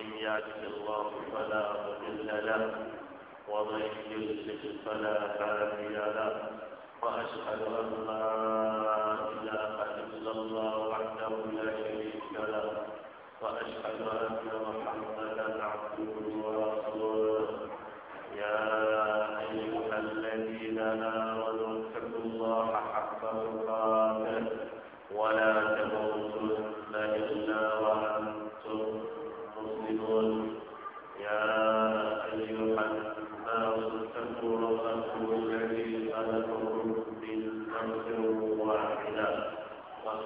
من يهده الله فلا مضل له ومن يضلل فلا هادي له واشهد ان لا اله الا الله وحده لا شريك له واشهد ان محمدا عبده ورسوله يا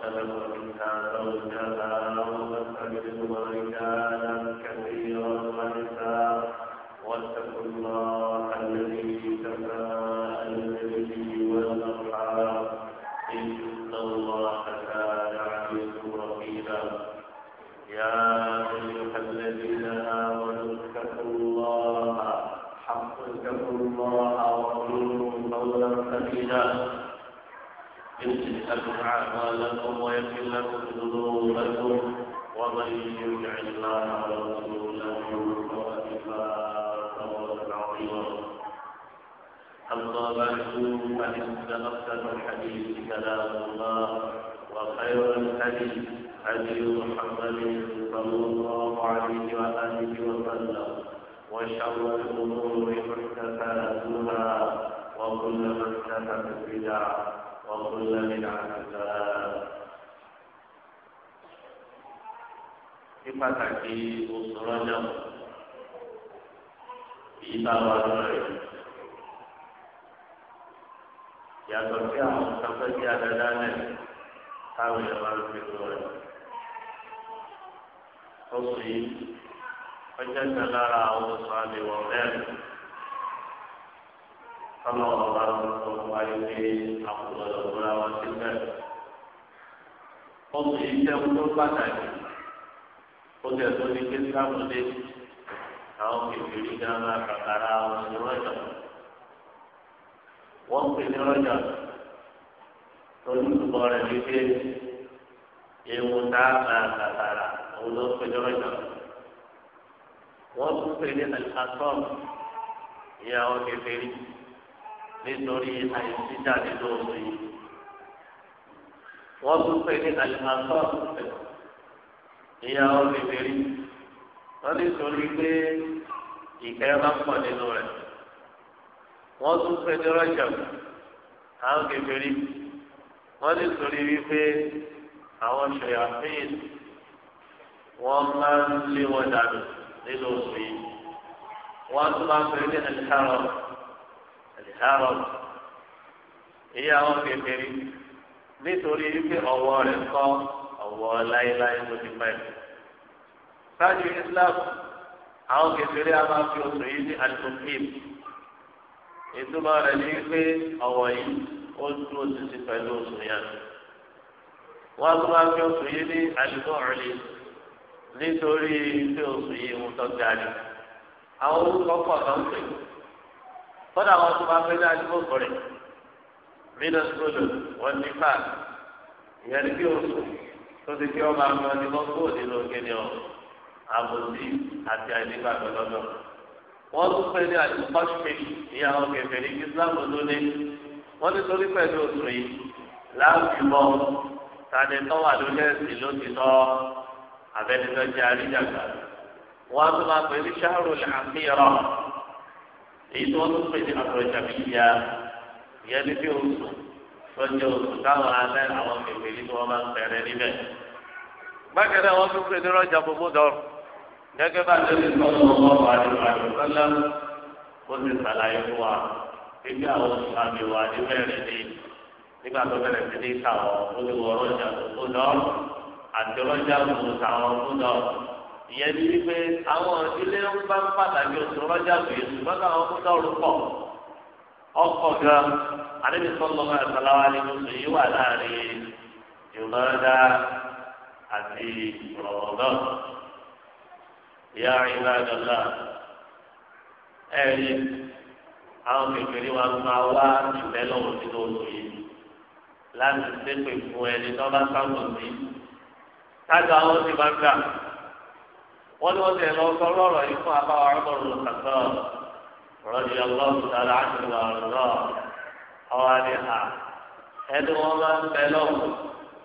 وخلق منها زوجها وبث رجالا كثيرا ونساء واتقوا الله الذي تساءلون به والارحام ان الله كان عليكم رقيبا يا ايها الذين امنوا اتقوا الله حق اتقوا الله وقولوا قولا سديدا لكم أعمالكم ويغفر لكم ذنوبكم ومن يطع الله ورسوله فقد فاز فوزا عظيما أما بعد فإن أحسن الحديث كلام الله وخير الحديث حديث محمد صلى الله عليه وآله وسلم وشر الأمور محدثاتها وكل محدثة بدعة وكل بدعة ضلالة ní pàtàkì oṣù rọjò èyí bá wà lórí yàtọ̀ sí àwọn sáfẹ́sì àdádálẹ̀ táwọn èèyàn máa ń fi lọ rẹ̀ oṣù kọ́nà ọ̀gá ló ń sọ fún ayé pé àkùrọ̀ lọ́gbọ́ra wọn ti bẹ̀. Oṣù iṣẹ́ tó pàtàkì ó tẹ̀ tó ní kíńtàmù dé àwọn kìkìrì gánà kàkàrà wọn ní rọ́jà. Wọ́n pè ní rọ́jà olùdókòwò rẹ̀ ní pé ewu tá a máa kàkàrà òun ló pè ní rọ́jà. Wọ́n tún pè ní àtọ́m ìyàwó kékeré nítorí àìsíjáde lóòótọ́ yìí. wọ́n tún pè ní àlùmọ́tọ́ ìyàwó bèbèrè wọ́n nítorí pé ìkẹ́ máa ń pọ̀ nínú rẹ̀. wọ́n tún pè ní rọ́jà àwọn bèbèrè wọ́n nítorí wípé àwọn ṣèyàfíìn wọ́n máa ń lé wọn dànù nínú oṣù yìí. wọ́n tún máa ń pè ní àlùkárọ̀ ẹ̀rọ ìyá wọn kékeré nítorí wípé ọwọ́ rẹ̀ kọ́ ọwọ́ láéláé ló ti pẹ́. sáájú Islam àwọn kékeré a máa fi oṣù yìí ní alifokib ìtumọ̀ rẹ̀ ní wípé ọwọ́ yìí ó dúró títí pẹ̀lú oṣù yẹn. wọ́n tún máa fi oṣù yìí ní alifọ́ọ̀lì nítorí wípé oṣù yìí ń tọ́jú àlè. àwọn orúkọ pọ̀ pè é kódà wọn tó máa ń gbẹ́dá àdúgbò kọ̀rẹ́ mílíọ̀n sólò wọn ní fà ìyẹn ní bí oṣù tó ti fi ọba àwọn ọdún wọn kó nínú kíni ọ àbòsí àti àìnígbà gbọdọdọ wọn tún pè ní àdúgbò ṣèlú ìyàwó kẹfẹ ní Islam lónìí wọn ti torí pẹ̀lú oṣù yìí láàbì mọ tani tó wà lórí ẹsìn lónìí tọ abẹnidọjà àríjàgbà wọn tún máa pè ní sáárò èyí tí wọ́n tún pè ní àtọ̀rọ̀jàmíyà ìyẹn ní bí oṣù lọ́jọ́ oṣù táwọn alẹ́ àwọn mèmèlì tí wọ́n máa ń bẹ̀rẹ̀ níbẹ̀. bákan náà wọ́n tún pè ní rọ́jà gbogbo dọ̀rọ̀ gẹ́gẹ́ bá tẹ̀lé sọ́dọ̀ ọmọ àdìgbò àdìgbòsọ́lá ó ti sàlàyé fún wa bíbí àwọn àmì wà níbẹ̀rẹ̀ ni nígbà tó bẹ̀rẹ̀ sí ní kàwọn olùwọ̀ rọ́jà gbogbo dọ̀rọ̀ àti rọ́jà gbogbo ìyẹn ni wípé àwọn ìdílé ń bá ń pàtàkì oṣù rọ́jà tó yẹ ṣùgbọ́n náà wọ́n kúndà ọ̀rọ̀ pọ̀ ọkọ̀ gan àdébí sọ́lọ́ máa sàlàwà ní oṣù yìí wà láàrin ìmọ̀ọ́dá àti rọ̀mọ̀dán ìyá ìlà ìdọ̀lá ẹ̀rí àwọn kékeré wa máa wá ìbẹ́lọ́wọ́ sínú oṣù yìí láti ṣépè fún ẹni tó bá sáwọn sí tájọ àwọn ti máa gbà wọ́n ní wọ́n ti lọ sọ lọ́rọ̀ yìí fún abáwá ọgbọ̀n lọ́kàtọ́ rọ́jì ọlọ́run dára àdúrà ọ̀rọ̀ ọwọ́ ni à ẹni wọ́n máa ń bẹ lọ́wọ́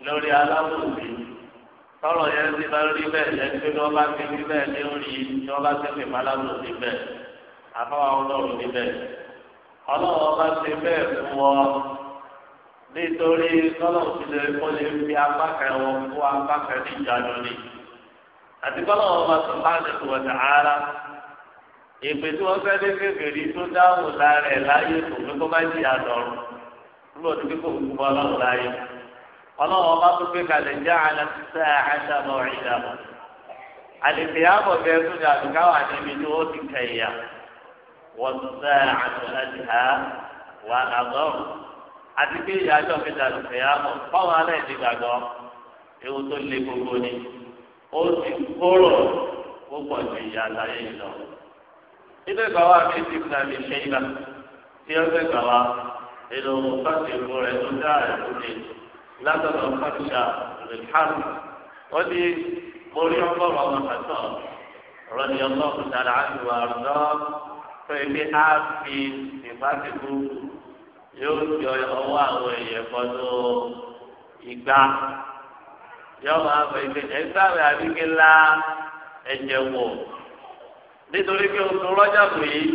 lórí aláwòsí tọ́lọ̀ yẹn ti bá rí bẹ́ẹ̀ ẹni tí wọ́n bá ti rí bẹ́ẹ̀ ní orí tí wọ́n bá ti fi bá aláwòsí bẹ́ẹ̀ abáwá ọlọ́run níbẹ̀ ọlọ́run bá ti bẹ́ẹ̀ fún wọn nítorí tọ́lọ̀ ti lè kó àti bọ́lá wọn bá sùn láti wọ̀ sàárà ìpè tí wọ́n fẹ́ dé kékeré tó dáhùn lára ẹ̀ láyé kò pé kó má jì àdọ̀rùn nígbà tó kí kò kú bọ́ ọlọ́run láyé ọlọ́run bá tún gbé kalẹ̀ jẹ́ bẹ́ẹ̀ ní níbi tí ó ti kẹ̀yà wọ́n sẹ́ wà àti ìyájọ́ fi fáwọn ewu tó le gbogbo ó ti kóró púpọ̀ ju ìyá aláyé yìí lọ. nínú ìgbà wa mi ti fún mi ṣe ìgbà tí ó fẹ́ gbà wá nínú fásitì ìbò rẹ̀ tó dá ẹ̀kú ni látọ̀dọ̀ fásitì rìhán ó ní mo rí ọgọ́rùn-ún ọmọ àtọ̀ rọ́ni ọlọ́run dára àdúrà ọ̀dọ́ fún ẹgbẹ́ á fi ìbáṣepọ̀ yóò jọ ọwọ́ àwọn èèyàn kan tó ìgbà. yọ máa fọ ìgbé ẹgbẹ́ àbíké ńlá ẹ̀jẹ̀ wọ̀ nítorí pé oṣù rọ́jà kù yìí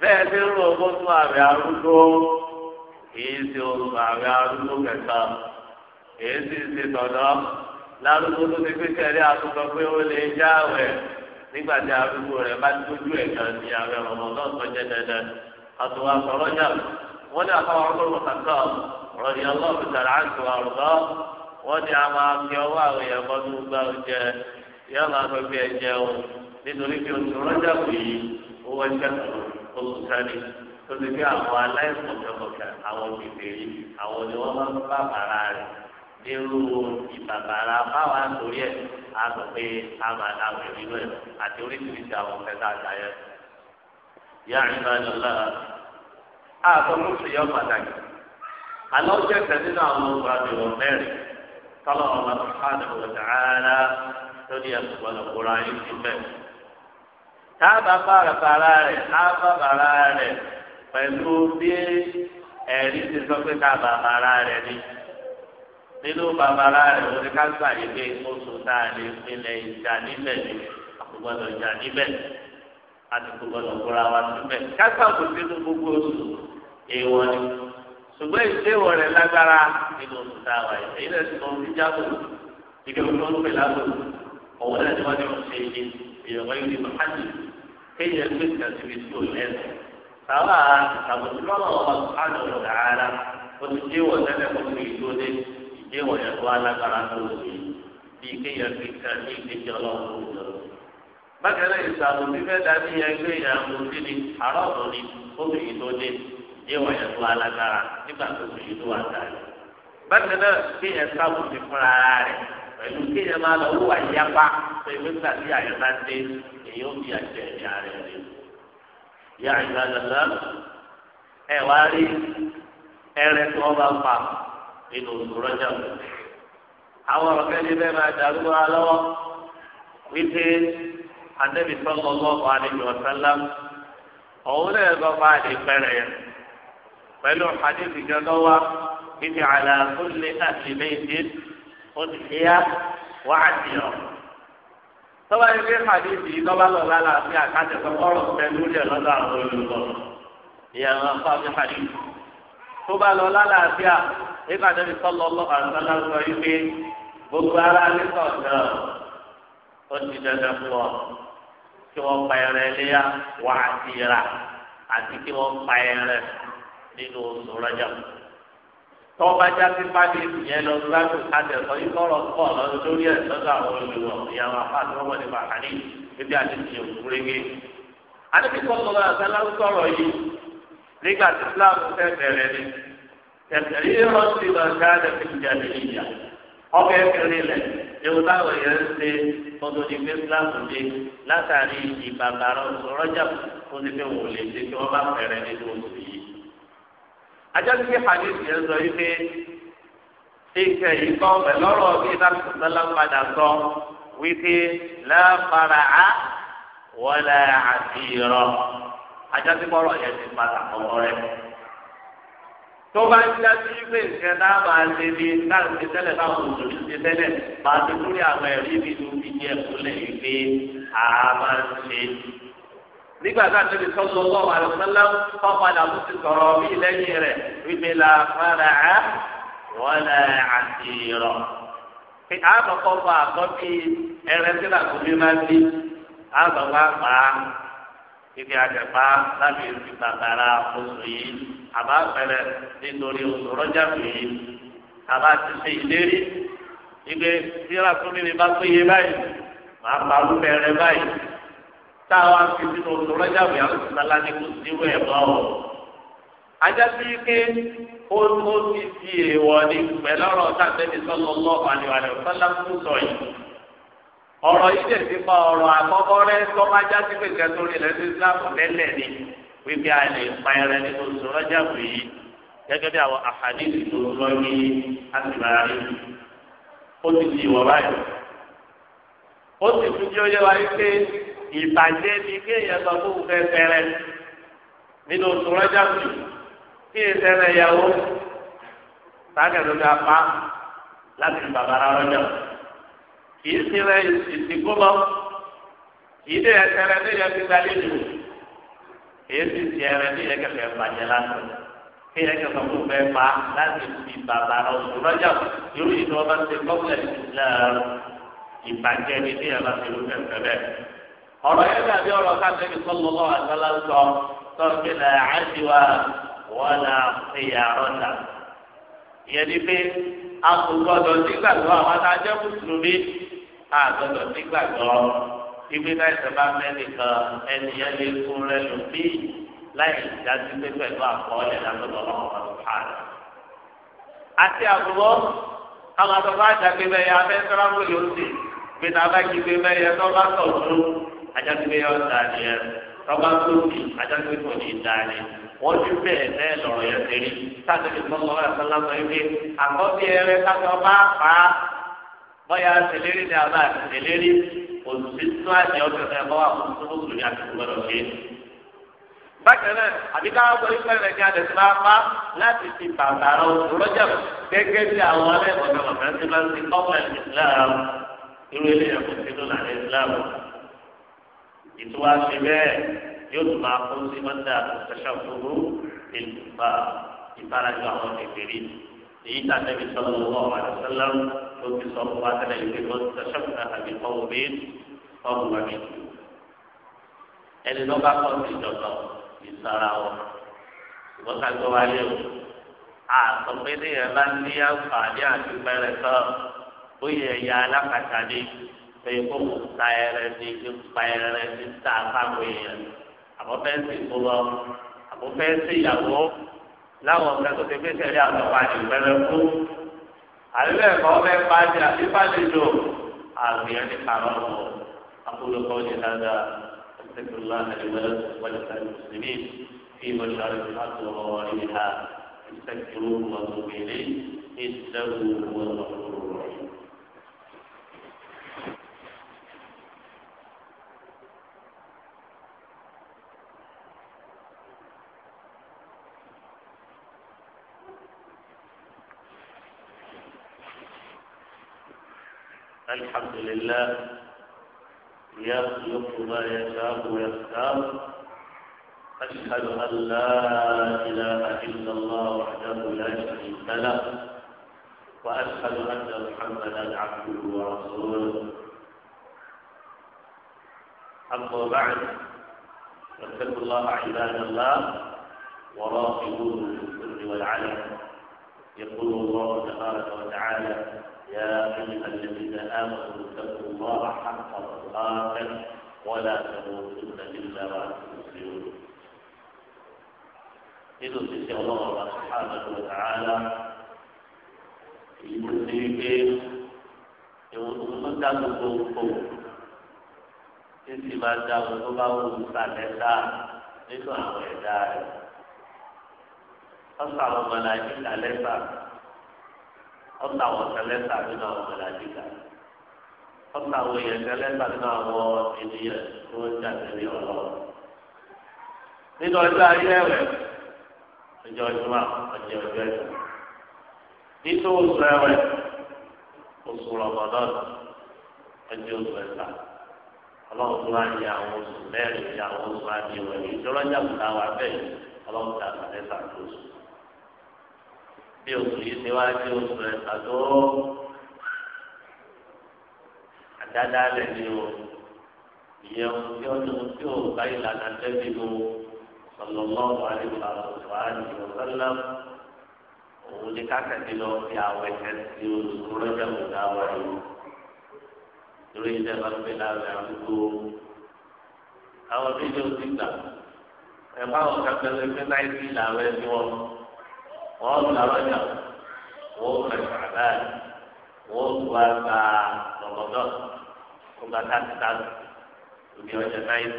bẹ́ẹ̀ ti ń rò fún àwẹ̀ arúgbó kìí ṣe arúgbó kẹta kìí ṣe tọ̀dọ̀ lárúgbó tó ti àtúntò pé ó lè já nígbà tí arúgbó bá tójú kan ní dandan wọ́n ti a máa fi ọwọ́ àwọn èèyàn kan tó gbá oúnjẹ yóò máa fẹ́ fi ẹ̀jẹ̀ o nítorí pé oṣù rọ́jà kù yìí owó ẹ̀jẹ̀ olùsẹ́ni tó ti fi àwọn aláìsọ̀kẹ́kọ̀kẹ́ àwọn òbíbèrè àwọn ni wọ́n máa ń bá bàrà rẹ̀ nírú ìbàbàrà báwa torí ẹ̀ a sọ pé a máa dá àwọn ìrírú ẹ̀ àti oríṣiríṣi àwọn kẹta àgbáyé. ìyá àríwá ni ọlọ́ra àtọ́kùnrin yọ pàtàkì alọ́ jẹ́ kẹ́ nínú àwọn ọgbà kálọ̀ ọ̀la sùhánà wọ̀tàhálà tó ní ẹ̀kúgbọ́dọ̀ kóra yín síbẹ̀. táàbà bàràbàrà rẹ̀ táàbà bàrà rẹ̀ pẹ̀lú bí ẹ̀rí ti sọ pé táàbà bàrà rẹ̀ ni. nínú bàbàrà rẹ̀ wọ́n ti káńsà yìí pé oṣù táà lè pinlẹ̀ ìjà níbẹ̀ ni àkúgbọ́dọ̀ ìjà níbẹ̀ àti àkúgbọ́dọ̀ kóra wa síbẹ̀. káńsà kò sínú gbogbo oṣù èèwọ̀ ni ṣùgbọ́n ìléwọ̀ rẹ̀ lágbára nínú òkúta wa yìí èyí lẹ́sìn kan ti jábọ̀ ìgbẹ́ òkú ló pè lábọ̀ ọ̀wọ́ náà ni wọ́n ti ṣe ṣe ìyọ̀wọ́ yìí ní mahadi kéèyàn gbé ìgbàsí mi sí òun lẹ́nu sábà àbòsí lọ́nà ọ̀pá àjọ ọ̀dà ara ó ti léwọ̀ tẹ́lẹ̀ kó fi ìdóde ìléwọ̀ yẹn tó alágbára tó o ṣe bíi kéèyàn gbé kan ní ìgbésí ọlọ́run tó o bákan náà fi ìdóde ìwọ̀n yẹn tó alágbára nígbà tó fi yìí tó wà dáa. bákan náà kí yẹn sábò ti fúnra rẹ̀ pẹ̀lú kí yẹn máa lọ wúwà yápa pé nígbà tí àyè bá dé èyí ó fi àjẹ ìyá rẹ̀ rí. ìyá ìgbà lọ́lá ẹ wá rí ẹrẹ tí wọ́n bá pa nínú òṣùrọ́jà mọ́. àwọn ọ̀rọ̀ kẹ́lẹ́ bẹ́ẹ̀ máa dàrú wa lọ́wọ́ wípé Ànábì sallallahu alaihi wasallam òun náà gbọ́ fún àdìpẹ́rẹ́ yẹn pẹ̀lú hadithi kan tó wá ibi ala kulli ahli baytin udhiya wà á ti yọ. tọ́ba yìí fi hadithi yìí tọ́ba lọ lálẹ́ àti àkàtẹ̀ tó kọ́rọ̀ pẹ̀lú rẹ̀ lọ́dọ̀ àwọn olùkọ́. ìyàwó afọ mi hadithi. tọ́ba lọ lálẹ́ àti à nípa níbi sọ́lọ́ ọlọ́kà sọ yìí pé gbogbo ara ní sọ̀tàn ó ti dandan fún ọ kí wọ́n pa ẹrẹ léyà wà á ti rà àti kí wọ́n pa ẹrẹ nínú oṣù rọjà tọ́ba já sí pálí ìyẹn lọ gbádù àtẹ̀sọ́ yìí lọ́rọ̀ pọ̀ lọ́dún lórí ẹ̀ lọ́dọ̀ àwọn olùwọ̀ ìyàwó àfáàtì wọn ní bàkàní níbi àti ìyẹn òkúrégé. adébíkọ́ sọ̀rọ̀ àtàlà ń sọ̀rọ̀ yìí nígbà tí Islam fẹ́ bẹ̀rẹ̀ ni tẹ̀sẹ̀rí rántí lọ sí àdẹ̀fẹ́ ìjàdé ìjà ọkọ̀ ẹ̀kẹ́rẹ́ lẹ̀ ewu táwọn èèyàn ń ṣe tọ́jú ní pé Islam dé látàrí ìbàbàrọ̀ sọ̀rọ̀ jà ti fẹ́ wò lè ṣe kí wọ́n bá bẹ̀rẹ̀ nínú oṣù yìí ajọ́sí pé hadith yẹn sọ yìí pé ìkẹ́ yìí kọ́ pẹ̀lú ọ̀rọ̀ bí ìdásọ̀tẹ́lá padà sọ wípé lẹ́ẹ̀fara á wọlé àti ìrọ̀ ajọ́sí kọ́rọ̀ yẹn ti padà kọ́kọ́ rẹ̀. tó bá ń dájú pé nǹkan náà máa lé ní láti tẹ́lẹ̀ náà kò tó ti tẹ́lẹ̀ máa ti kúrò àwọn ẹ̀rí mi ló fi jẹ́ kúlẹ̀ yìí pé àá máa ń ṣe nígbà tá a tẹ̀lé sọ́dọ̀ lọ́wọ́ àlùfẹ́lẹ́ ọ̀padà tó ti sọ̀rọ̀ mí lẹ́yìn rẹ̀ wípé la fara á wọlé àti rọ̀. àkọ́kọ́ bá a kọ́ bí ẹrẹ tí làkú mi máa ń bí àgbàgbà kíkẹ́ àjẹpá láti fi bàbára oṣù yìí àbá pẹ̀lẹ́ nítorí oṣù rọ́jà yìí àbá ti ṣe ìlérí ìgbé tí làkú mi bá péye báyìí màá pa lúbẹ̀rẹ̀ báyìí tá a wá fi sínú oṣù rọ́jàbù yàtọ̀ sísálá ní kò sírú ẹ̀ bọ́ ọ. ajá sí ike ó tó ti di èèwọ̀ ní pẹ̀lọ́rọ̀ tàbí sallallahu alaihi wa sallam fún sọ yìí. ọ̀rọ̀ yìí lè ti pa ọ̀rọ̀ àkọ́kọ́ rẹ tọ́májá sí pé kẹtọ́rì lẹ́sìn islam lẹ́lẹ̀ ni wípé a lè pa ẹrẹ ní oṣù rọ́jàbù yìí gẹ́gẹ́ bí àwọn àhàdìsì tó lọ ní àtìmáyé ó ti di ìwọ̀ báyìí ó sì tún jẹ́ ó yẹ wáyé pé ìbàjẹ́ ni kéèyàn sọ fún un fẹ́ fẹ́rẹ́ nínú oṣù rọ́jà mi kí ẹ fẹ́rẹ́ yàwó sáàkẹ́ ló ga láti fi bàbá rọ́jà kì í sinra ìsìnkú lọ kì í dé ẹsẹ̀rẹ̀ ní ìyẹn ti dalí jù kì í sì ti ní ìyẹn kẹfẹ́ bàjẹ́ lásán kí ẹ kẹfẹ́ fún un fẹ́ pa láti fi bàbá rọ́jà irú ìdánwò bá ti gbọ́ ìbàjẹ́ ni ní ẹ̀ bá ti rú fẹ́ fẹ́ bẹ́ẹ̀ ọ̀rọ̀ yẹn dàbí ọ̀rọ̀ káfíńtì sọ́lọ́lọ́ àgbàlagbà tọ́kìlà àdìwà wọlà ìyàrọ́ta. ìyẹn ni pé a kò gbọdọ̀ nígbàgbọ́ àwọn adájọ́ mùsùlùmí a gbọdọ̀ nígbàgbọ́ ibi náà ìjọba mẹ́nìkan ẹni yẹn lè kú rẹ lòmí láì dájú pé pẹ̀lú àkọọ́lẹ̀ lágbọ́dọ̀ ọlọ́run ọ̀sán. àti àbúrò àwọn àtọ́fà ajágbé ọ̀tá ni ẹ tọ́ba tó fi ajágbé kò ní da ni wọ́n ti bẹ́ẹ̀ bẹ́ẹ̀ lọ́rọ̀ yẹn ti rí sátẹ̀lì tó lọ́wọ́ ẹ̀fọ́ lásán yìí pé àkọ́bí ẹrẹ kátó bá fà á bọ́yá tẹ̀lérí ni àbá tẹ̀lérí òtútù tó àjẹ ọ̀tọ̀ ẹ̀ bọ́ àwọn tó tó lórí àtúntò gbọdọ̀ ṣe. bákan náà àbíká wọn gbọ́dọ̀ pẹ̀lú ẹ̀jẹ̀ àdẹ̀ tó bá fà láti fi bàbá rọ òrọ́jà gẹ́gẹ́ bí àwọn ọlẹ́gbọ̀n ìtura ṣe bẹ́ẹ̀ yóò tún máa kó sí mọ́tà ṣẹṣẹ fúru ìtura ìfarajọ àwọn kékeré èyí tá a tẹ̀lé sọ́dọ̀ lọ́wọ́ àdìsẹ́lẹ̀m ló fi sọ fún wa tẹ́lẹ̀ ìwé lọ ṣẹṣẹ fún àbí ọ̀hún mi ọ̀hún wa mi. ẹni lọ́ bá kọ́ sí ìjọba ìsara wọn ìwọ́n ká gbọ́ wáyé o àtọ̀pẹ́ ní ẹ̀ bá ní àǹfààní àti pẹ́rẹ́ sọ bóyá ẹ̀yà alákàtà ni pé kó kò ta ẹrẹ ní ipa ẹrẹ ní ta fáwọn èèyàn àbọ̀ fẹ́ẹ́ sì kó lọ àbọ̀ fẹ́ẹ́ sì yàwó láwọn ọ̀gá tó ti fi sẹ́rí àwọn ọ̀gá ìpẹ́rẹ́ fún àlẹ́ ẹ̀kọ́ fẹ́ pàdé àti pàdé lò àgbẹ̀ ẹni kàrọ̀ ọ̀ akólókọ́ ní dáadáa ẹ̀sẹ̀kùnlá ẹ̀dínwẹ́lẹ́ wọlé ká mùsùlùmí fi mọ̀ṣáré láti ọ̀rọ̀ ìhà الله يخلق ما يشاء ويختار أشهد أن لا إله إلا الله وحده لا شريك له وأشهد أن محمدا عبده ورسوله أما بعد فاتقوا الله عباد الله وراقبوه في السر والعلم يقول الله تبارك وتعالى يا أيها الذين آمنوا اتقوا الله حق تقاته ولا تموتن إلا وأنتم مسلمون إذا تسي الله سبحانه وتعالى المسلمين يوم تكون títí máa da ohun tó bá wù sàlẹ̀ nínú àwọn ẹ̀dá rẹ̀. wọ́n ọmọ náà ní ìdálẹ́sà ọ̀tà àwọn tẹlẹ́tà nínú àwọn mẹ̀lájíkà ọ̀tà àwọn èèyàn tẹlẹ́tà nínú àwọn ènìyàn tó ń jà tẹ̀lé nínú ọjọ́ ayé rẹ̀ ọjọ́ ọjọ́ ọjọ́ ọjọ́ ẹ̀sìn nínú oṣù ẹ̀wẹ̀ oṣù rọ̀mọ̀dọ́n ọjọ́ oṣù ẹ̀sà ọlọ́run tó wá ní àwọn oṣù mẹ́rin ní àwọn oṣù àdìwẹ̀ ìjọ́rọ́jà kùtà wà bẹ́ẹ̀ ọlọ́run tó àtàlẹ́sà tó oṣù bí oṣù yìí ṣe wá sí oṣù rẹ̀ pàtó àdáadáa lẹ̀ ní o ìyẹn tí ó ní tí ó bá ìlànà lẹ́bi mu sọlọ́lọ́wọ́ àdìgbà ọ̀ṣọ́ àdìgbà ọ̀ṣọ́lá òun ní kákàtí lọ sí àwọn ẹ̀kẹ́ tí oṣù rẹ̀ mú dáwọ́ yìí lórí ilé wa gbé lábẹ́ àdúgbò àwọn bíi ní oṣù gbà ẹ̀fọ́ àwọn kẹfẹ́ lè fẹ́ náírà ìlànà ẹ̀ wọ́n ń la lọ́jà wọ́n ń la ṣàbá wọ́n ń wá gba lọ́gọ́dọ̀ wọ́n gba táàtì táàtì lómi ọjà náírà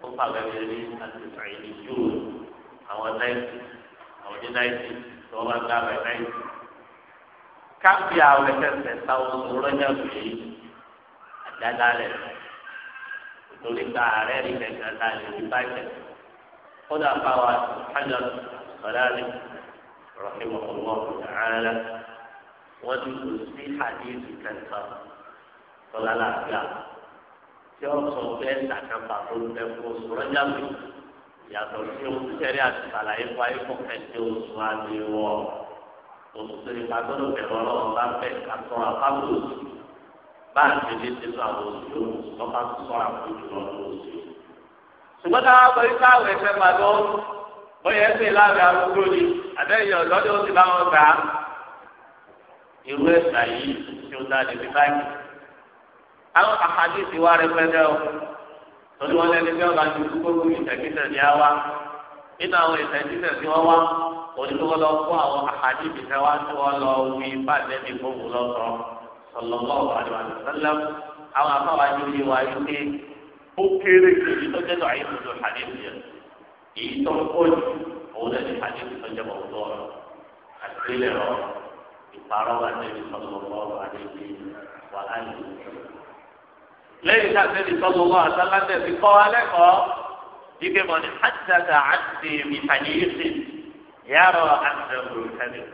wọ́n pàgẹ́ mi rí àti ìfàyèmí yóò àwọn náírà àwọn ní náírà tí wọ́n bá gba àwẹ̀ náírà. káfí àwẹ̀ kẹsẹ̀ táwọn ọlọ́jà wòye àdáda rẹ̀ lórí gba ààrẹ rí kẹsẹ̀ رحمه الله تعالى وفي حديث كثر صلى الله عليه وسلم يوصل بين تكبر تنفس رجل yàtọ̀ sí oṣù sẹ́rí àti sàlàyé fún ayé fún ẹ̀jẹ̀ oṣù àti ìwọ̀ oṣù sẹ́rí pàtọ́lù bẹ̀rẹ̀ ọlọ́run bá fẹ́ kàtọ́ àpábò oṣù bá a ti lè tẹ́tọ́ àwọn oṣù lọ́pàá tó sọ̀rọ̀ àpò jùlọ lọ́wọ́ oṣù. ṣùgbọ́n táwọn akọ̀wé káwé fẹ́ máa lọ́wọ́ bóyá ẹsẹ̀ láàbẹ̀ arúgbó ni àtẹ̀yìn ọ̀dọ́dún ó ti bá wọn gbà á. irú ẹ̀sà yìí tí ó dáa níbi báyìí. àwọn àkàdé ti wá rẹpẹtẹ o torí wọn lẹni bí wọn ti kúkó kú ìtẹ̀kísẹ̀ ní àwa nínú àwọn ìtẹ̀kísẹ̀ tí wọ́n wá onídùúgbò lọ fún àwọn àkàdé ìbìtẹ́ wá tí wọ́n lọ wí bàjẹ́ ní gbogbo lọ́sọ̀ sallallahu àwọn èyí tó ń pọ̀ jù òun lẹ́nu ìpàdé tó ń jẹun ọ̀tọ̀ àtìlẹ̀ rọ ìparọ́ wà lẹ́nu sọ́dọ̀lọ́wọ́ wà lẹ́nu wà lẹ́nu. lẹ́yìn tá a lẹ́nu sọ́dọ̀lọ́wọ́ àtàlántẹ̀ ti kọ́ wa lẹ́kọ̀ọ́ dígbé mọ́ ni hàtàtà àti mìtàní yìí yàrá àtẹ̀wò tẹ́lẹ̀.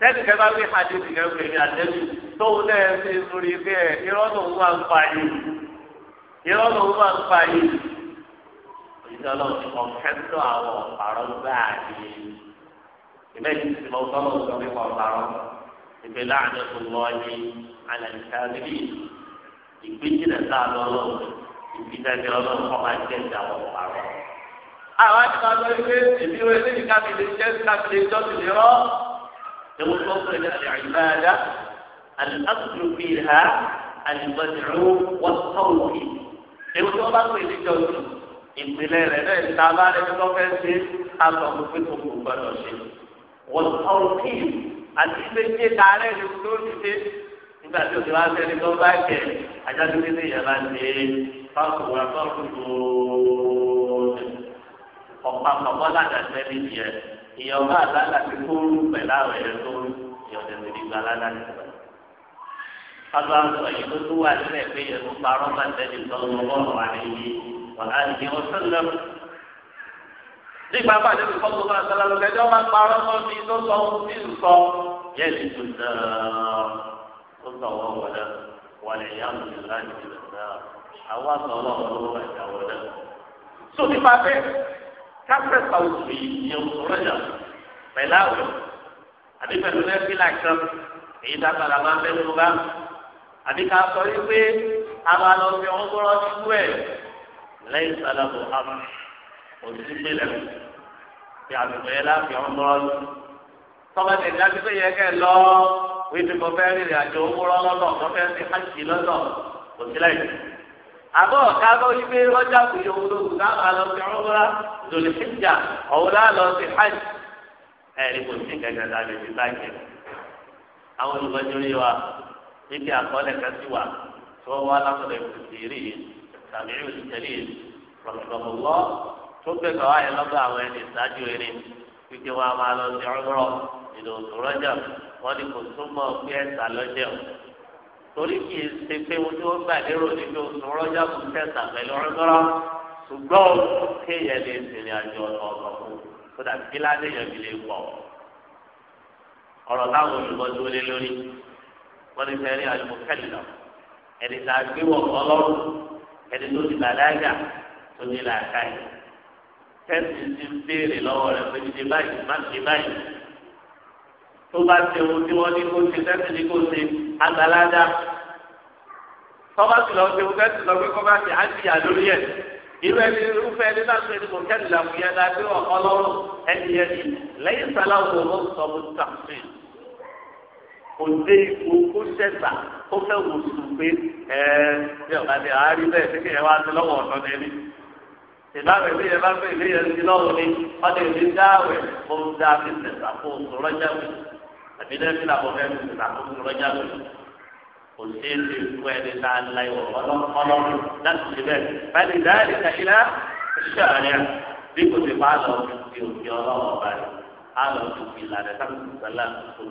tẹ́lẹ̀ kẹ́ bá wí hàdí ti kẹ́ pèmí àtẹ́lẹ̀ tó ń lẹ́yìn sí orí bẹ́ẹ̀ irọ́ lòun wà ń pa yìí irọ́ lòun wà ń pa yìí ìṣẹ́ ọlọ́run ti kọ́ kẹ́ńtọ́ àwọn ọ̀pàrọ̀ gbáà ni ìbẹ́yìí ti mọ sọ́lọ́ sọ nípa ọ̀pàrọ̀ ìpè láàánú tó lọ ní alàǹkárí ìgbéjìnà tá a lọ lọ ìgbésẹ̀ ọlọ́run kọ́ máa jẹ́ ìjà ọ̀pàrọ̀. àwọn àti máa lọ ilé èmi rẹ lè jẹ́ kábìlì jọ́sìlì rọ́ ewu tó ń pè ní àlìbáyà alàkùnrin ha alìbọ̀dìrún wọ́n tọ́wọ́ ewu tó bá pè ní jọ́sìlì ìpìlẹ̀ rẹ̀ náà ìta bá rẹ̀ tó fẹ́ ṣe àtọ̀ pé kò kò gbọdọ̀ ṣe. wọ́n ọ̀rọ̀ kí àti méjì tààrẹ́ ni tó ti ṣe nígbà tí òṣèlú àti ẹni tó bá jẹ ajáde nílé yẹn bá ṣe fáwọn òwúrọ̀ tó ń kú ọ̀pá pàpọ̀ ládàjẹ́ níbi yẹn ìyẹn ọba àlàlà ti kó pẹ̀lú àwọn ẹ̀yẹ tó ìyọ̀dẹ̀ lórí gba ládàjẹ́ fáwọn àwọn ìyẹn tó wà nílẹ̀ وآله وسلم nígbà bá àti ìfọ̀ tó bá sọlá lọ kẹjọ máa parọ́ sọ fi tó sọ fi ń sọ yẹ ti tó náà tó sọ wọ́n wọlé wàlẹ̀ yá mi ní láti ti lọ náà àwọn àtọ̀lọ́ ọ̀rọ̀ wà ìjà wọlé. tó nípa bẹ́ẹ̀ káfíńsì àwọn òṣù yìí yẹ oṣù rẹ̀jà pẹ̀lú àwẹ̀ àbí pẹ̀lú lẹ́fílà kan èyí dábàrà máa ń bẹ́ẹ̀ tó bá àbí ká sọ wípé a máa lọ fi ọ̀hún gbọ́rọ̀ nínú ẹ̀ lẹ́yìn sálábù hàmù òsì gbélé fi àtùkù yẹn láti ọ̀n lọ sí. tọ́ba ti dájú pé yẹ kẹ́ lọ wípé mo fẹ́ rìnrìn àjò owó lọ́lọ́dọ̀ mo fẹ́ fi hajj lọ́dọ̀ òsì lẹ́yìn. àbọ̀ kábọ̀ wípé rọ́jà kù yóò wúlò kù káàkà lọ sí ọ̀húnra lòlì fìjà ọ̀húnra lọ sí hajj. ẹ̀rí kò sí gẹ́gẹ́ láti fi báyìí. àwọn olùkọ́jú rí wa ibi àkọọ́lẹ̀ kan sí wa tí wá lásọ̀rọ̀ àtàlẹ́ òṣìṣẹ́lẹ̀ rọ̀mọ̀lọ́ tó gbẹ̀gbẹ̀ wáyé lọ́gbà àwọn ẹni ìsájú erin wípé wọn a máa lọ sí ọ̀rọ̀ nínú oṣù rọ́jà wọn ni kò túmọ̀ pé ẹ̀sà lọ́jẹ̀ o torí kì í ṣe pé wọn tí wọn gbà lérò nínú oṣù rọ́jà kò tẹ̀sà pẹ̀lú ọ̀rọ̀ ṣùgbọ́n kéèyàn lè sìnrìn àjò ọ̀tọ̀ọ̀tọ̀ fún kódà kíláàdé yẹn fi lè pọ̀ ọ̀rọ̀ táwọn olùkọ́ tó lé lórí wọn ni fẹ́ẹ́ rí àjò kẹ́lì náà ẹni tá a gbé wọ̀ ọlọ́run ẹni tó ti bàlágà tó ti làákà yìí tẹ́sí ti ń béèrè lọ́wọ́ rẹ̀ pé ṣe báyìí má ṣe báyìí tó bá ṣe ohun tí wọ́n ní kó ṣe tẹ́sí ní kó ṣe àgbàlágà tọ́ba sì lọ ṣe ohun tẹ́sí lọ pé kọ́ bá ṣe àṣìyà lórí ẹ̀ irú ẹni irúfẹ́ ẹni náà ṣe ni kò kẹ́lì làwùyẹ́ náà bí wọ́n kọ́ ẹni yẹn ni lẹ́yìn sáláwọ̀ ó sọ kò dé ipò kó sẹ́sà kó fẹ́ wò sùn pé ẹ bí ọ̀gá ni àárí bẹ́ẹ̀ sí kí ẹ wá sí lọ́wọ́ ọ̀tọ̀ nẹ́bí. ìbáwẹ̀ bí ẹ bá fẹ́ ilé yẹn sí lọ́wọ́ ni ọdẹ ìlú dáwẹ̀ kó ń dá fi sẹ̀sà kó ń sọ lọ́jà mi àbí lẹ́sí làbọ̀ fẹ́ fi sẹ̀sà kó ń sọ lọ́jà mi. kò sí èsì fún ẹni tá a la ìwọ̀ ọlọ́run láti ṣe bẹ́ẹ̀ báyìí dáhìí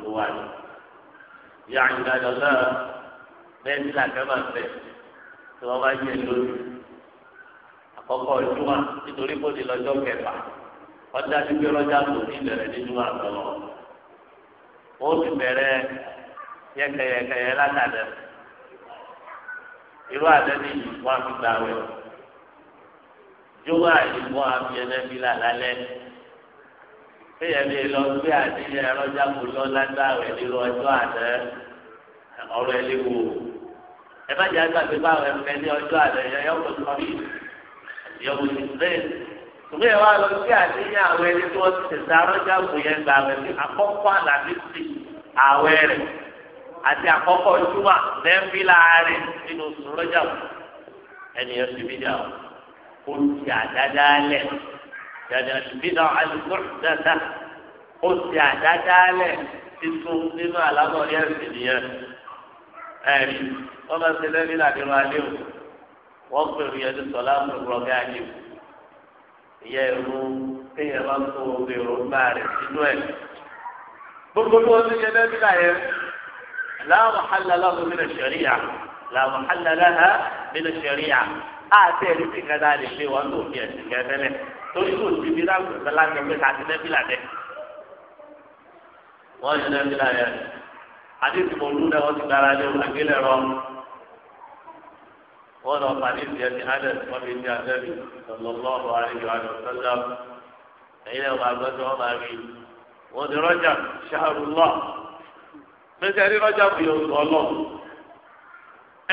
bá ìyá ìdájọ́ náà bẹ́ẹ̀ ní làkẹ́mà tẹ̀ tí wọ́n bá yẹ lórí àkọ́kọ́ ìdúwà nítorí kó di lọ́jọ́ kẹfà ọjà gbígbé lọ́jà tó ní ìbẹ̀rẹ̀ nínú àtọ̀lọ́ ó ti bẹ̀rẹ̀ yẹkẹyẹkẹyẹ látàdẹ irú àtẹ́ni ìwọ́n àfi gbàwẹ̀ jọ̀wọ́ àyè wọ́n àfi ẹnẹ́bí là lálẹ́ kéèyàn lè lọ gbé àdéhùn ẹ̀rọ jáko lọ lágbàwẹ̀ nírú ọjọ́ àná ọ̀rọ̀ ẹ̀ léwu ẹ má jẹ́ àgbàgbé báwẹ̀ fẹ́ ní ọjọ́ àná ẹ̀yọ́ kò sọ bí ìyọ̀wò ti bẹ́ẹ̀ tùmí ẹ̀ wá lọ gbé àdéhùn àwọn ẹni tó ti tẹ̀sí àrọ́ jáko yẹn gbà wẹ̀ bí akọ́kọ́ àlàbí sí àwẹ̀ rẹ̀ àti àkọ́kọ́ júmọ̀ lẹ́ẹ̀fí láàárín nínú sùn rọ́jà ẹnìyàn ti bí dà ó ti àdáda lẹ̀ يعني البدع المحدثة قلت يا تتالى تسوق بما لا ضرر الدنيا آمين وما سلام إلى جماله واغفر يد الصلاة الركعتين يا روم يا رب في رب مارس نوال بقولوا أن الجناب لا محل له من الشريعة لا محل لها من الشريعة أعترف كذلك وأنه في كذلك torí kò sí ibi lágbègbè lágbègbè láti nẹ́bílà dẹ. wọ́n yẹn nẹ́bílà yẹn àdéhùn mọ̀lú náà wọ́n ti gbára lé àgbélẹ̀ rọ. wọ́n lọ pàdé ìdíyẹ ti adẹ̀ wọ́n fi di àdẹ́bí lọ́lọ́ọ̀rọ̀ àríyọ àdọ̀ sọ́jà. ẹ̀yin náà máa gbọ́ tí wọ́n máa rí wọ́n ti rọ́jà ṣàrùlọ́. pèsè ẹ̀rí rọ́jà fi òǹtọ̀ lọ.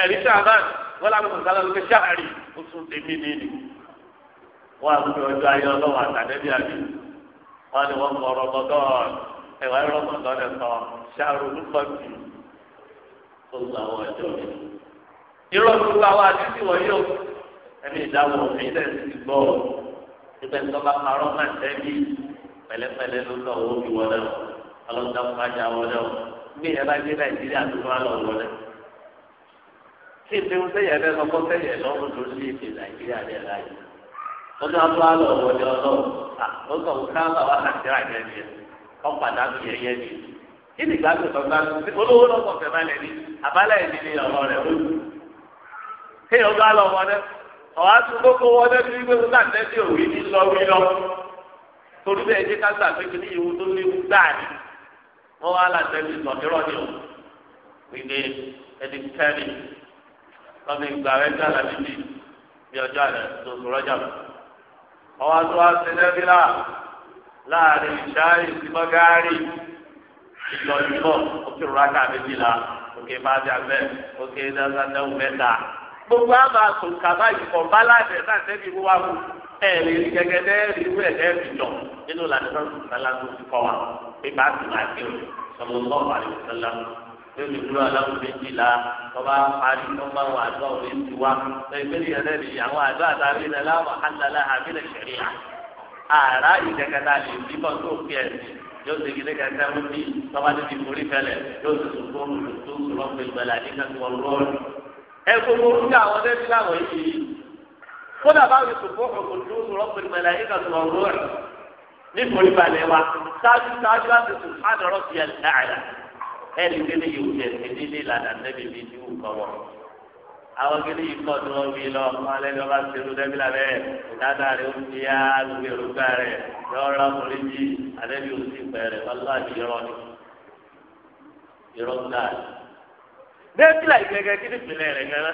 ẹ̀rí sàmán wọ́n lágbègbè sálọ́ wọn àti ọjọ́ ayé ọlọ́wọ́ àtàdébí àbí wọn ni wọn kọ rọgọdọ́ọ̀n ẹ̀wà rọgọdọ́ọ̀n ẹ̀ ṣàrò lùfọ̀tì tó gba àwọn mi. irọ́ tó gba àwọn àdísì wọ̀nyí o ẹni ìdáwọ̀ òfin tẹ̀ sí gbọ́ ibẹ̀ ń tọ́ba parọ́ máa ń tẹ́bí pẹ̀lẹ́pẹ̀lẹ́ ló sọ owó fi wọlé o ọlọ́dàkùnmájà wọlé o bí ẹ bá gbé nàìjíríà tó máa lọ wọlé kí ni sẹ́yẹ̀ lẹ́nu ọkọ sẹ́yẹ̀ lọ́rùn tó ní ọdún abúlé alọ wọlé ọlọ ó sọ wọn káwọn bá wà yẹn ni wọn padà bí ẹyẹ ni kí ni gbàgbé sọgbà olówó lọkọ fẹmẹ lẹ ní abálẹ yìí ni ọ̀rọ̀ rẹ̀ ó kéèyàn bá lọ wọlé ọ̀hà tún kókó wọlé bí wípé wọn kàn tẹ́tí òwe ní lọ wí lọ torí bẹ́ẹ̀ káńtà ìwú tó léwu gbáà ni wọ́n wá ni o wípé ọwọ́ tó wá sí nẹ́fílà láàrin ìṣááyì sí mọ́gárì ìlọ́júbọ̀ òkè rúrákà méjìlá òkè bàjá bẹ́ẹ̀ òkè dáńdáńdáwó mẹ́ta. gbogbo àbá àtòkà báyìí kọ̀ bálàdé náà tẹ́bi wíwá kù ẹ̀rí gẹ́gẹ́ dẹ́rì wẹ̀ dẹ́rì jọ nínú làdínà sọ̀tún sálá tó ti kọ́ wa pé bá a ti máa kí o sọ̀rọ̀ lọ́wọ́ àlè lórí ìlú aláwọ̀ méjìlá ọba parí ọba wà àdó àwọn èsì wa ẹgbẹ́ni ẹ̀rẹ́ mi àwọn àdó àtàrí ilẹ̀ láwọn àtàlà àbílẹ̀ ṣẹ̀ríà àrà ìdẹ́kẹta lè bí bọ́ tó fi ẹ̀sìn yóò ṣe kí lẹ́kẹ̀ẹ́ sẹ́wó bí tọ́ba tó fi forí fẹlẹ̀ yóò ṣe sùn fún mi tó sọ̀rọ̀ pé gbẹlẹ̀ àdéhùn tó ẹ gbogbo orúkọ àwọn ọdẹ́bí láwọn yìí kódà bá mi sọ̀rọ̀ pé gbẹlẹ̀ àdéhùn tó ẹni kéde yìí wùdí ẹsẹ nílé ìlànà nẹbi bíi ti wù kọmọ àwọn kéde yìí kọ tó wọn bí lọ wọn lẹni wọn bá serú nẹbi làbẹ ìdáná rẹ ó ti yá gbogbo èròǹgbà rẹ yọ ọ̀rọ̀ ọkùnrin jì ànẹbi ò sì pẹrẹ wàlúwà ní irọ́ ni irọ́ ńlá nẹbi là ìgbẹgẹ kí ni ìpìlẹ̀ rẹ gánà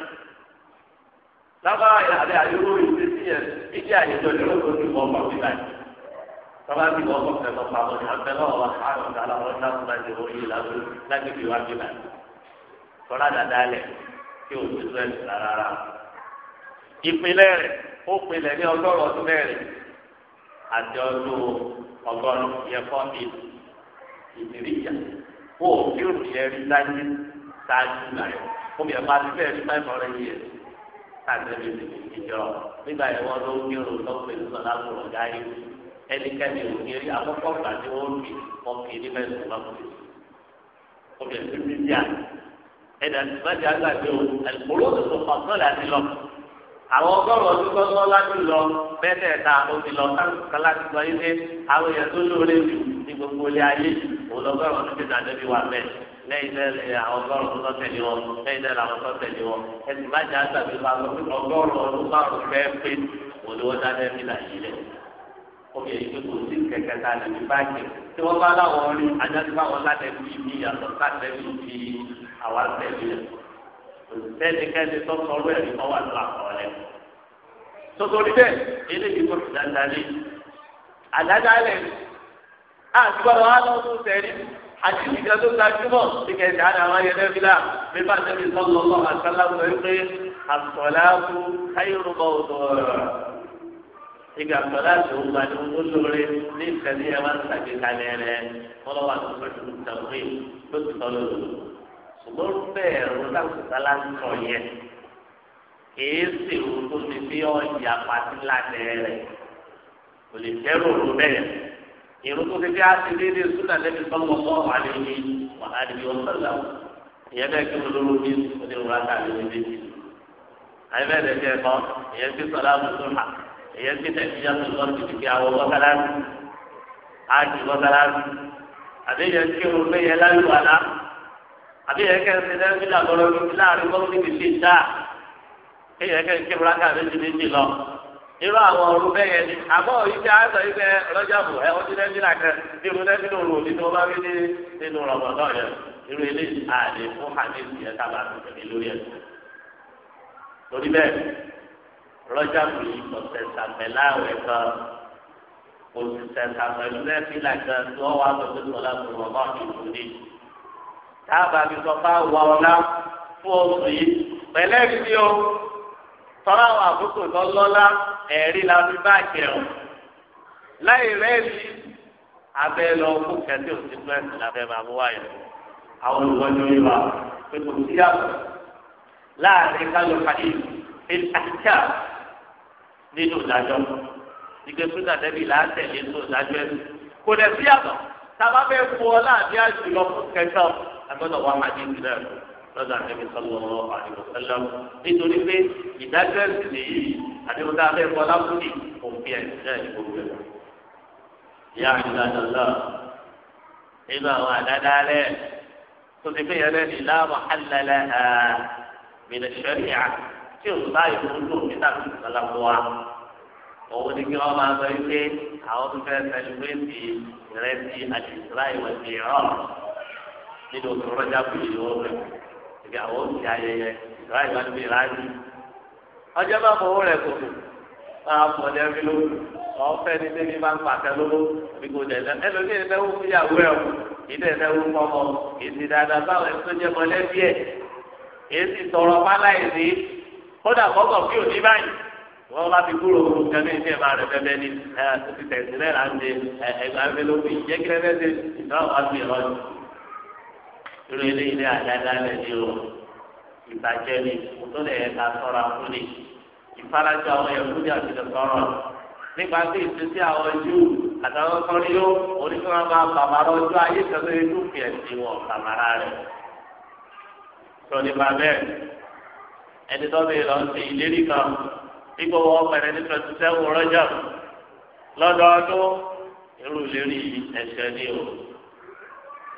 lábàá yàrá àyẹ̀wò ìṣesí yẹn ìdí àyẹjọ lérò tó ti kọ ọmọ bíbá yìí tọ́ba ti wọ́n kọ́ fẹ́ lọ́pàá wọn ni wọ́n fẹ́ lọ́wọ́ wọn á lọ́ọ́ dáná wọn náà fún ẹni orí ìlànà láti fi wá bí bá tọ́lá dáadáa lẹ̀ kí o ti sọ ẹ̀sìn rárá. ìpínlẹ̀ rẹ̀ ó pinlẹ̀ ní ọgọ́rùn ọdún mẹ́rin àti ọdún ọgọ́rùn yẹn fọ́ mi ìdíríjà kó o fi òbí yẹn rí láyé ṣáájú náà omi ẹ̀ máa ti bẹ́ẹ̀ ní five hundred years káàkiri nígbà yẹn wọ́n ló ń kírun lọ́pọ̀ ìlú sọ̀lá ẹnikẹ́ni ò ní rí àkọ́kọ́ gbà tí wọ́n rí ọkì ní bẹ́ẹ̀ tó bá kú sí. obìnrin tó ti di à ẹ̀dá tí bá ti àgbàdo ẹ̀kúrò tó pàtó láti lọ. àwọn ọgọ́rùn-ún ọdún gbọ́ngàn láti lọ mẹ́tẹ̀ẹ̀ta omi lọ káńkà láti sọ yín pé àwọn èèyàn tó lóore jù ní gbogbo ilé ayé òun ọgọ́rùn-ún ti dàdé bí wà bẹ́ẹ̀ lẹ́yìn tẹ́lẹ̀ àwọn ọgọ́rùn-ún tó tẹ̀lé wọn lẹ́yìn tẹ́lẹ̀ àwọn tó tẹ̀lé wọn ẹ̀sìn má jẹ́ àgbàdo ọgọ́rùn-ún ọdún márùn-ún fẹ́ẹ́ pé òun ni wọ́n dá lẹ́ẹ̀mí láyé lẹ́yìn ọbẹ̀ yìí kò sí kẹ̀kẹ́ tá a lè fi báyìí tí wọ́n bá láwọn rí ajáde báwọn látẹ̀lú ìmí yàtọ̀ sátẹ̀lú ti àwa tẹ̀lú yẹn sẹ́nikẹ́ni tó sọ ọ̀rọ̀ ẹ̀rí kọ́ wà lọ́wọ́ àkọọ́lẹ̀. sotori bẹ́ẹ̀ eléyìí kò fi dáadáa lé àdáadáa lẹ̀ àgbọ̀rọ̀ alọ́dún sẹ́rí àti ìgbà tó ta júmọ̀ tí kẹ̀sì àdáwọ̀ ayẹyẹ fílà bí bá tẹ̀lé sọ́lọ́lọ́ àtàlà ibi àgbàlá ti ń gba ní olóore ní ìfẹ̀lẹ́ yẹn máa ń tàbí kalẹ̀ rẹ̀ fọlọ́wà tó fẹ́ẹ́ tó tàwé ló ti tọ́lọ́ lò ṣùgbọ́n bẹ́ẹ̀ rọ́lá sọ yẹn kìí sì wò tó ní bí ọ̀yà pàtí lánàá rẹ̀ kò lè fẹ́ràn òru bẹ́ẹ̀ irun tó fi fi àti léde súnà lẹ́bi sọ́mọ sọ́ọ̀ àlejò wàhálà ni wọ́n sọ̀rọ̀ ìyẹn bẹ́ẹ̀ kí wọ́n lóró èyẹ ti ihe yàtọ̀ lọ́rọ̀ ti fi àwọn mọ́sálásí áàkì mọ́sálásí àbí yẹn ti rò pé yẹn lálẹ́ wà lá àbí yẹn kẹ́ ti lẹ́yìn nílà lọ́rọ̀ lórí láàrin ti rọ́jà kò yí kò tẹ̀sà pẹ̀lú àwẹ̀ kan kò sì tẹ̀sà pẹ̀lú ẹ̀fílà kan tí wọ́n wá pẹ̀lú sọlá tó wọ́n bá fi wù ní. táàbà mi sọ fún àwọn ọ̀la fún oṣù yìí pẹ̀lẹ́ mi ni o tọ́lá àwọn àkókò tó lọ́lá ẹ̀rí la fi bá jẹun láì rẹ́ẹ̀lì abẹ́ lọ fún kẹ́tẹ́ òsì pẹ́ẹ́sì lábẹ́ máa mú wáyé àwọn olùwọ́jọ́ yìí wà pé kò sí àpò láàrin kálọ̀ kàdé ìtàkìá nínú ìdájọ́ ìgbé fúnà dẹ́bí làátẹ̀lé nínú ìdájọ́ ẹ̀sìn kò dẹ̀ sí àtọ̀ tàbá fẹ́ fọ ọlá àbí àjùlọ fún kẹsàn án agbọ́dọ̀ wà máa dín ìdílé rẹ̀ lọ́dọ̀ àtẹ̀mí sọ́lọ́ àdìgbòsẹ́lẹ̀ nítorí pé ìdájọ́ ẹ̀sìn nìyí àdìgbò tá a fẹ́ fọ lábúlì òfin ẹ̀sìn náà ní gbogbo ẹ̀. ìyá àdìgbàdàn náà nínú àwọn àdáda rẹ̀ tó ti fẹ́ yẹn lẹ́nu ìlà tí òun bá yọ fún lòun nígbà tó ń sọlá fún wa òun ni kí wọn máa sọ wípé àwọn tó fẹ́ sẹlẹbírẹtì ìrẹsì àti ìsirayì wọn ti rọ nínú oṣù rọjà kù yìí wọn rẹ ìgbà àwọn ti ayẹyẹ ìsirayì wọn ti ráàyè ọjọ́ bá fọwọ́ rẹ̀ kò máa fọ lẹ́rìí ló wọ́n fẹ́ ní débi máa ń pàtẹ lówó bí kò dẹ̀ ẹlòmíì ẹ̀ náwó fún ìyàwó ẹ̀ ìdẹ̀ náwó fọmọ èsì dáadáa báwọn ẹ̀ tó jẹ́ mọ́lẹ́bí ẹ̀ èsì tọrọ bá láì kódà kọ́kọ́ kí o ní báyìí wọ́n bá ti kúrò ohun kan ní ìṣe ìbára rẹ̀ bẹ́ẹ̀ ni ẹ o ti tẹ̀sí rẹ̀ là ń de ẹgbẹ́ abẹ́ ló fi jẹ́ kí lẹ́fẹ́ ṣe ìdáhùn wá sí ìrọ́jù. irú ilé ilé àdáadáa lẹ̀ ní o ìbàjẹ́ ni mo tó lè ka sọ́ra fún ni ìfarajọ àwọn ẹ̀kú ní àti ìdọ̀tọ́rọ̀ nípa tí ìṣesí àwọn Júù àtàwọn kan rí ó oníkan máa bàbára ọjọ́ ayé kan tó yẹ kó fi ẹ̀sìn wọn bàbára rẹ̀ ẹni tó bẹ lọ sí ìlérí kan nígbà wọn pẹ̀lẹ́ ní twenty seven rọ́jà lọ́dọọdún irú ìlérí ẹ̀ṣẹ̀ ni o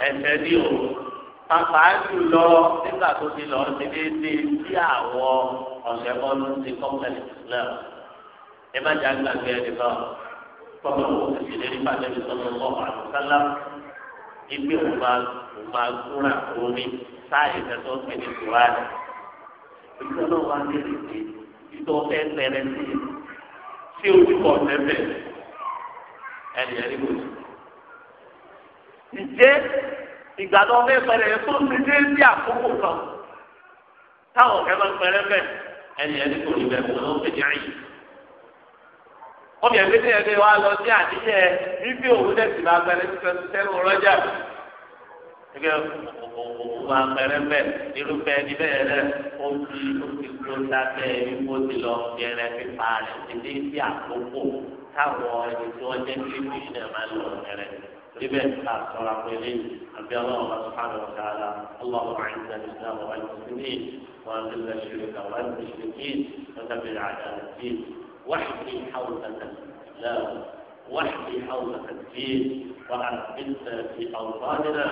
ẹ̀ṣẹ̀ ni o pàpà jùlọ nígbà tó ti lọ sí déédéé sí àwọn ọ̀sẹ̀ bọ́ọ̀lù ti kọ́ńtẹ̀lì náà ẹ má jà gbàgbé ẹni náà tọ́lọ̀ ìṣẹ̀lẹ̀ nípa lẹ́yìn tọ́lọ̀ lọ́wọ́ àlùkálá ìgbé òun máa kúra orí sáà ìfẹ́ tó ń pè ní kúránì ìgbà náà wà ní èdè ìtọ́ fẹ́ tẹ̀lé sí i tí o ti pọ̀ tẹ́fẹ̀ ẹni ẹni kò sí. ìjẹ́ ìgbà náà fẹ́ pẹ̀lẹ́ tó ti dé bí àkókò kan táwọn ọ̀kẹ́ máa ń pẹ̀lẹ́ bẹ̀ ẹni ẹni kò ní bẹ̀rù ló ń fèjì àyè. wọ́n yẹ kí ẹgbẹ́ wa lọ sí àdíyẹ bíbí òun dẹ̀ sì máa pẹ̀lẹ́ tẹ́lẹ̀ rọ́jà gẹ́gẹ́ òkùnkùn apẹrẹ bẹ irúfẹ́ ẹni bẹ́ẹ̀ rẹ ó ti ó ti kúrò lábẹ́ ìwó ti lọ bẹ̀rẹ̀ pípa rẹ̀ títí sí àkókò táwọn ẹni tí wọ́n jẹ́ kílíìpù yìí náà máa ń lọ bẹ̀rẹ̀ ربا صلاة الليل أبي الله سبحانه وتعالى اللهم أعز الإسلام والمسلمين وأذل الشرك والمشركين ودمر أعداء الدين واحمي حوزة الإسلام واحمي حول تكفير وأثبتنا في أوطاننا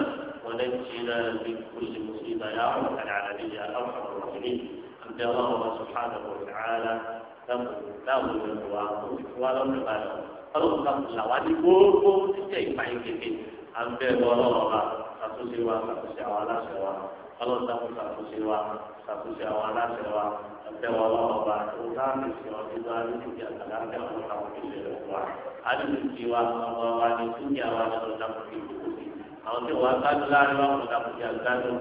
ونجنا من كل مصيبة يا رب العالمين يا أرحم الراحمين أنت الله سبحانه وتعالى تقول له ولو نبالا ألو تقول له وأني بوكو تجي فاين كيفي أنت الله تقول له وأنت تقول ọlọ́run dáhùn ṣàtúnṣe wa ṣàtúnṣe àwọn aláṣẹ wa ẹgbẹ́wọ́ ọlọ́ọ̀ba tó dáhùn sí ọdún tó adúlùkì àtàlágbẹ́ ọ̀nà àwọn ìṣẹ̀lẹ̀ wa adúlùkì wa ọmọ wa ni dúkìá wa ni ọ̀nà kòkè kòkè àwọn tí wọ́n gbájú láàrin wọn ọ̀nà kòkè àgbájú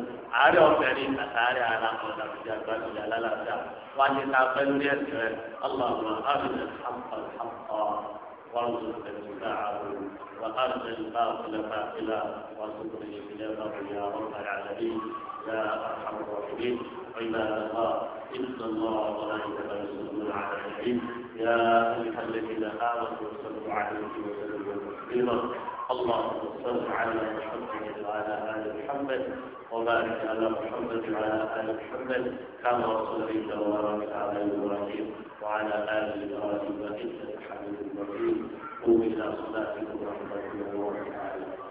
àárẹ̀ ọ̀fẹ́ ní àtàárẹ̀ ara ọ̀nà kòkè àgbájú yà lálàáfíà wọ́n ti ta pẹ́lú rí ẹ̀sìn rẹ̀ ọlọ́run وارزق اتباعه وارزق الباطل باطلا وارزق اجتنابه يا رب العالمين يا ارحم الراحمين عباد الله ان الله وملائكته يصلون على النبي يا ايها الذين امنوا صلوا عليه وسلموا تسليما اللهم صل على محمد وعلى ال محمد وبارك على محمد وعلى ال محمد كما صليت وبارك على ابراهيم وعلى ال ابراهيم انك حميد مجيد قوم الى صلاتكم ورحمه الله تعالى